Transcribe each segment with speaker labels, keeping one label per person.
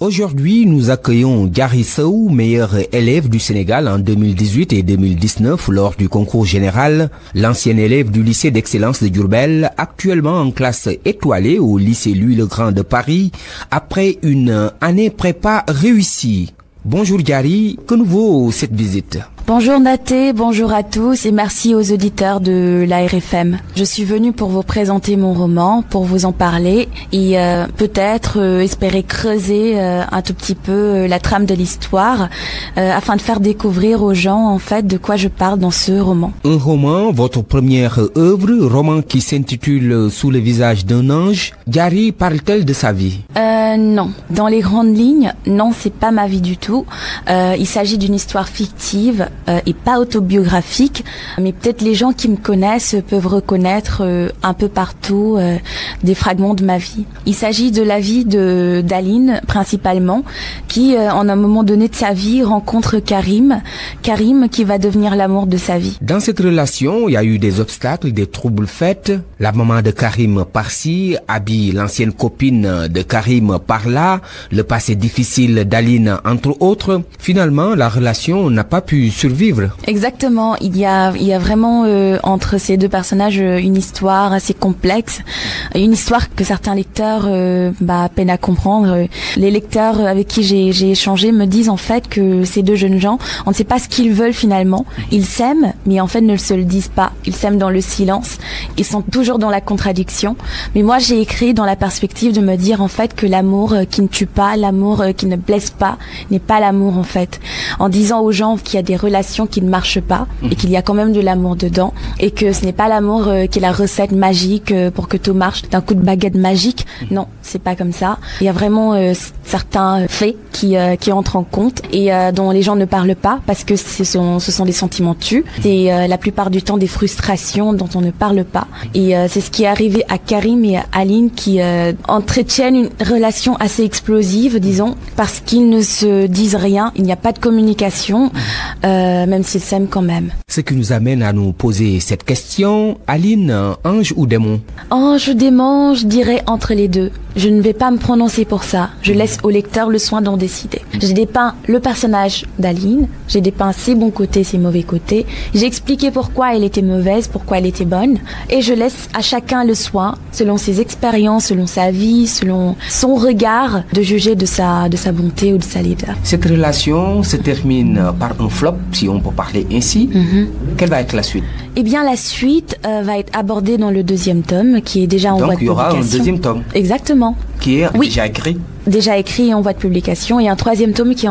Speaker 1: Aujourd'hui, nous accueillons Gary Sow, meilleur élève du Sénégal en 2018 et 2019 lors du concours général, l'ancien élève du lycée d'excellence de Diourbel, actuellement en classe étoilée au lycée Louis-le-Grand de Paris, après une année prépa réussie. Bonjour Gary, que nous vaut cette visite
Speaker 2: Bonjour Naté, bonjour à tous et merci aux auditeurs de l'ARFM. Je suis venue pour vous présenter mon roman, pour vous en parler et euh, peut-être euh, espérer creuser euh, un tout petit peu euh, la trame de l'histoire euh, afin de faire découvrir aux gens en fait de quoi je parle dans ce roman.
Speaker 1: Un roman, votre première œuvre, roman qui s'intitule Sous le visage d'un ange. Gary parle-t-elle de sa vie
Speaker 2: Euh non, dans les grandes lignes, non, c'est pas ma vie du tout. Euh, il s'agit d'une histoire Euh, et pas autobiographique, mais peut-être les gens qui me connaissent peuvent reconnaître euh, un peu partout euh, des fragments de ma vie. Il s'agit de la vie de d'Aline principalement, qui en un moment donné de sa vie rencontre Karim, Karim qui va devenir l'amour de sa vie.
Speaker 1: Dans cette relation, il y a eu des obstacles, des troubles faits. La maman de Karim par-ci, Abby, l'ancienne copine de Karim par-là, le passé difficile d'Aline entre autres. Finalement, la relation n'a pas survivre.
Speaker 2: Exactement. Il y a, il y a vraiment euh, entre ces deux personnages euh, une histoire assez complexe, une histoire que certains lecteurs euh, bah, peinent à comprendre. Les lecteurs avec qui j'ai échangé me disent en fait que ces deux jeunes gens, on ne sait pas ce qu'ils veulent finalement. Ils s'aiment, mais en fait ne se le disent pas. Ils s'aiment dans le silence. Ils sont toujours dans la contradiction. Mais j'ai écrit dans la perspective de me dire en fait que l'amour euh, qui a relation qui ne marche pas et mhm. qu'il y a quand même de l'amour dedans et que ce n'est pas l'amour euh, qui est la recette magique euh, pour que tout marche d'un coup de baguette magique. Mhm. Non, c'est pas comme ça. Il y a vraiment euh, certains faits qui, euh, qui entrent en compte et euh, dont les gens ne parlent pas parce que ce sont, ce sont des sentiments tus. Mhm. C'est euh, la plupart du temps des frustrations dont on ne parle pas. Et c'est ce qui est arrivé à Karim et à Aline qui entretiennent une relation assez explosive, disons, parce qu'ils ne se disent rien, il n'y a pas de communication. Euh, euh, même s'ils s'aiment quand même.
Speaker 1: Ce qui nous amène à nous poser cette question, Aline, ange ou démon
Speaker 2: Ange ou démon, je entre les deux. Je ne vais pas me prononcer pour ça. Je laisse au lecteur le soin d'en décider. Mm. J'ai dépeint le personnage d'Aline, j'ai dépeint ses bons côtés, ses mauvais côtés, j'ai expliqué pourquoi elle était mauvaise, pourquoi elle était bonne, et je laisse à chacun le soin, selon ses expériences, selon sa vie, selon son regard, de juger de sa, de sa bonté ou de sa laideur.
Speaker 1: Mm-hmm. la
Speaker 2: suite Eh euh, va être abordée dans le deuxième tome, qui est déjà en voie de publication. Exactement. qui est oui. déjà écrit en voie de publication, et un troisième tome qui est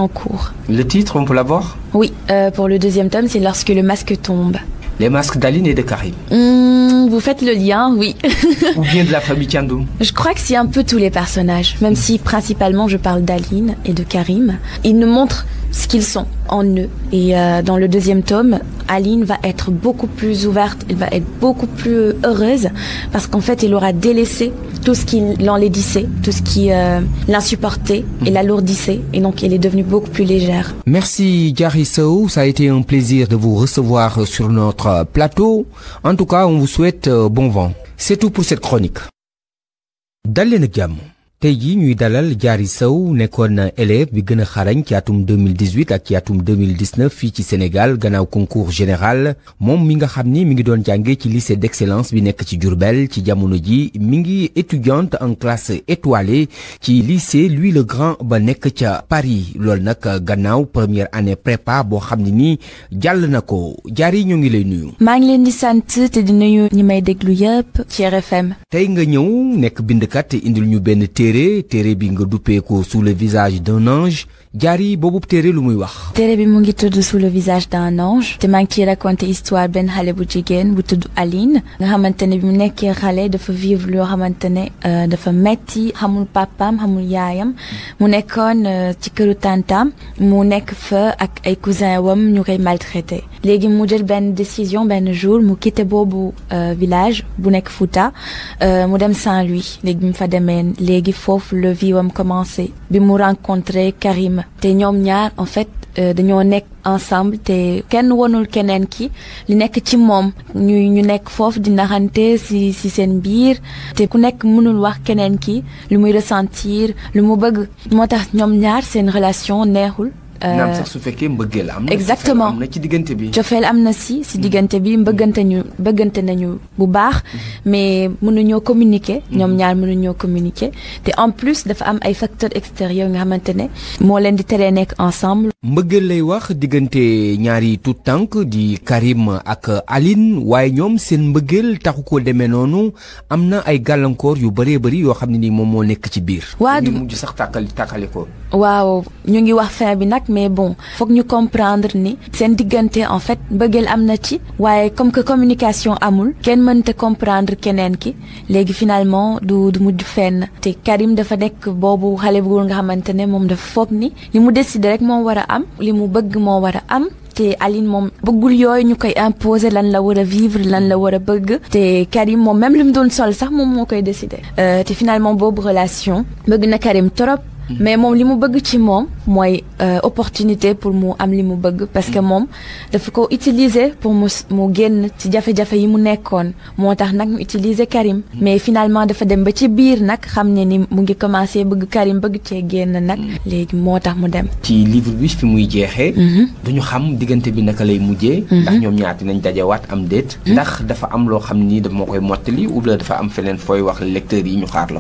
Speaker 1: Le titre, on peut l'avoir
Speaker 2: Oui, euh, pour le deuxième tome, c'est Lorsque le masque tombe.
Speaker 1: Les masques d'Aline et de Karim.
Speaker 2: Mmh, vous faites le lien, oui.
Speaker 1: on vient de la famille Kandoum.
Speaker 2: Je crois que c'est un peu tous les personnages, même si principalement je parle d'Aline et de Karim. Ils nous montrent ce qu'ils sont en eux. Et euh, dans le deuxième tome, Aline va être beaucoup plus ouverte, elle va être beaucoup plus euh, heureuse parce qu'en fait, elle aura délaissé tout ce qui l'enlaidissait, tout ce qui euh, l'insupportait et mhm. l'alourdissait. Et donc, elle est devenue beaucoup plus légère.
Speaker 1: Merci, Gary Sow. Ça a été un plaisir de vous recevoir sur notre plateau. En tout cas, on vous souhaite euh, bon vent. C'est tout pour cette chronique. tey jii ñuy dalal Diary Sow nekkoon na élève bi gën a xarañ ci atum 2018 ak ci atum 2019 fii ci Sénégal gannaaw concours général moom mi nga xam ni mi ngi doon jànge ci lycée d'excellence bi nekk ci Diourbel ci jamono ji mi ngi étudiante en classe étoilée ci lycée Louis le Grand ba nekk ca Paris loolu nag gannaaw première année prépa boo xam ne nii jàll na ko yi ñoo ngi lay nuyu.
Speaker 2: maa ngi leen di sant te di nuyu ñi may déglu yëpp
Speaker 1: ci RFM. tey nga ñëw nekk bindkat indil ñu benn téere téere téere bi nga duppee ko sous le visage d'un ange jaar yi boobu téere lu muy wax.
Speaker 2: téere bi mu ngi tudd sous le visage d'un ange te maa ngi ciy raconté histoire benn xale bu jigéen bu tudd Aline nga xamante ne bi mu nekkee xale dafa vivre loo xamante ne euh, dafa metti xamul papaam xamul yaayam mu nekkoon euh, ci këru tantam mu nekk fa ak ay cousin wam ñu koy maltraité léegi mu jël benn décision benn jour mu quitté boobu euh, village bu nekk Fouta mu dem Saint-Louis léegi mu fa demee léegi foofu la vie wam commencé bi mu rencontré Karim te ñoom ñaar en fait euh, dañoo nekk ensemble te kenn wonul keneen ki li nekk ci moom ñuy ñu nekk foofu di naxante si si seen biir te ku nekk mënul wax keneen ki lu muy ressentir lu mu bëgg moo tax ñoom ñaar seen relation neexul Euh, naam sax
Speaker 1: su fekkee mbëggee la am exactement ci diggante bi. cofeel
Speaker 2: am na si si diggante bi mbëggante ñu bëggante nañu bu baax. Mhm. mais mënuñoo communiquer. Mhm. ñoom ñaar mënuñoo communiquer te en plus dafa am ay facteurs extérieurs nga xamante ne moo leen di teree nekk ensemble.
Speaker 1: mbëggeel lay wax diggante ñaari tout tànk di Karim ak alin waaye ñoom seen mbëggeel taxu ko demee noonu am na ay gàllankoor yu bëree bëri yoo xam ne nii moom moo nekk ci biir. waa mujj sax tàkkal tàkkale ko.
Speaker 2: waaw ñu ngi wax fin bi nag mais bon foog ñu comprendre ni seen diggante en fet mbëggeel am na ci waaye comme que communication amul kenn mënta comprendre keneen ki léegi finalement du du mujj fenn te Karim dafa nekk boobu xale bu nga xamante ne moom dafa foog ni li mu décider am li mu bëgg moo war a am te Aline moom bëggul yooyu ñu koy imposer lan la war a vivre lan la war a bëgg te Karim moom même li mu doon sol sax moom moo koy décider euh, te finalement boobu relation bëgg na Karim trop mais moom li mu bëgg ci moom mooy euh, opportunité pour mu am li mu bëgg parce que moom dafa ko utiliser pour mu mu génn ci jafe-jafe yi mu nekkoon moo tax nag mu utiliser Karim mais finalement dafa dem ba ci biir nag xam ne ni mu ngi commencé bëgg Karim bëgg cee génn nag léegi moo tax mu dem
Speaker 1: ci livre bi fi muy jeexee mhm. ñu xam diggante bi naka lay mujjee mhm. ndax ñoom ñaar dinañ dajawaat am déet mhm. ndax dafa am loo xam ni daf moo koy mottali ou bien dafa am feneen fooy wax lecteurs yi ñu xaar la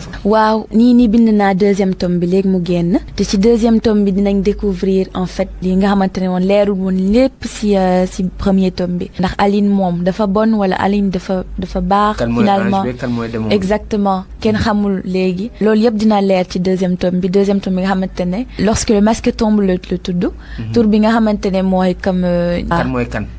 Speaker 2: mu génn te ci deuxième tome bi dinañ découvrir en fait li nga xamante ne woon leerul woon lépp si si euh, premier tome bi ndax Aline moom dafa bon wala Aline dafa dafa baax finalement exactement kenn xamul léegi loolu yëpp dina leer ci deuxième tome bi deuxième tome bi nga xamante ne lorsque le masque tombe le le tudd mhm. tour bi nga xamante ne mooy comme euh,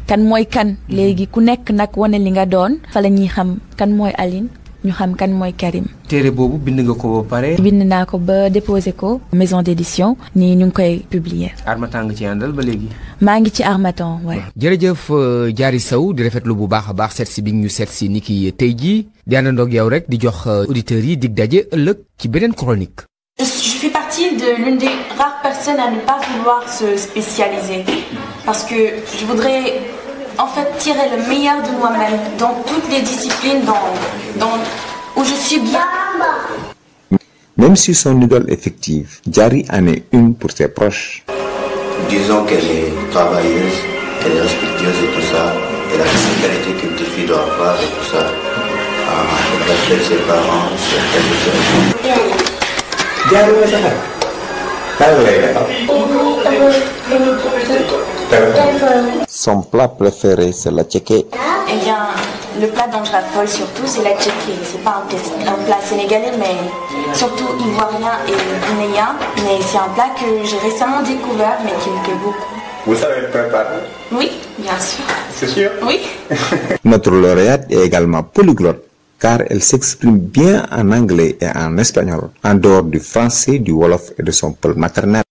Speaker 2: kan mooy kan mhm. léegi ku nekk nag wone li nga doon fa la xam kan mooy alin ñu xam mooy Karim.
Speaker 1: téere boobu bind nga ko ba pare. bind
Speaker 2: naa ko ba déposé ko. maison d'édition nii ñu ngi koy
Speaker 1: publier. Harmattan nga ci àndal ba léegi.
Speaker 2: maa ngi ci Harmattan waaye.
Speaker 1: jërëjëf jaari euh, Sow di rafetlu bu baax a baax seet si bi ñu seet si ni ki tey jii di àndandoog yow rek di jox euh, auditeurs yi dig daje ëllëg ci beneen chronique.
Speaker 2: je fais partie de l'une des rares personnes à ne pas vouloir se spécialiser parce que je voudrais. en fait tirer le meilleur de moi-même dans toutes les disciplines
Speaker 1: où je suis bien. Même si son idole effective, Jari en est une pour ses proches. Disons qu'elle est travailleuse, elle est respectueuse et tout ça, ah, elle a toutes les qualités qu'une petite fille et tout ça.
Speaker 2: elle respecte ses parents, ses frères
Speaker 1: et sœurs. Jari, Son plat préféré, c'est la tchéké.
Speaker 2: Eh le plat dont je raffole surtout, c'est la tchéké. C'est pas un, plat, sénégalais, mais surtout ivoirien et guinéen. Mais c'est un plat que j'ai récemment découvert, mais qui me plaît
Speaker 1: Vous savez le
Speaker 2: Oui, bien sûr.
Speaker 1: Notre lauréate est également polyglotte. car elle s'exprime bien en anglais et en espagnol, en dehors du français, du wolof et de son peuple maternel.